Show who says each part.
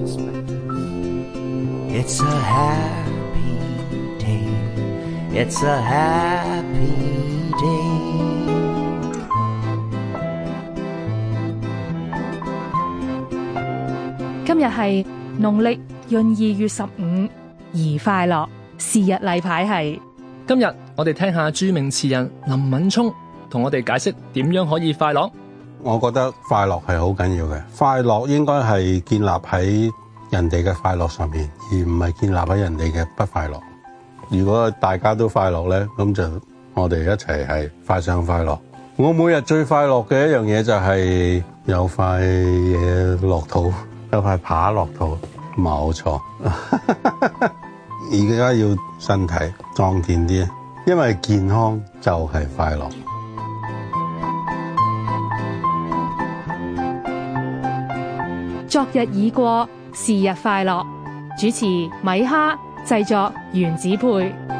Speaker 1: It's a happy day. It's a happy day.
Speaker 2: 今日係農曆閏二月十五，而快樂是日例牌係
Speaker 3: 今日。我哋聽下著名詞人林敏聰同我哋解釋點樣可以快樂。
Speaker 4: 我覺得快樂係好緊要嘅，快樂應該係建立喺人哋嘅快樂上面，而唔係建立喺人哋嘅不快樂。如果大家都快樂咧，咁就我哋一齊係快上快樂。我每日最快樂嘅一樣嘢就係有塊嘢落肚，有塊扒落肚，冇錯。而 家要身體壯健啲，因為健康就係快樂。
Speaker 2: 昨日已過，是日快樂。主持米哈，製作原子配。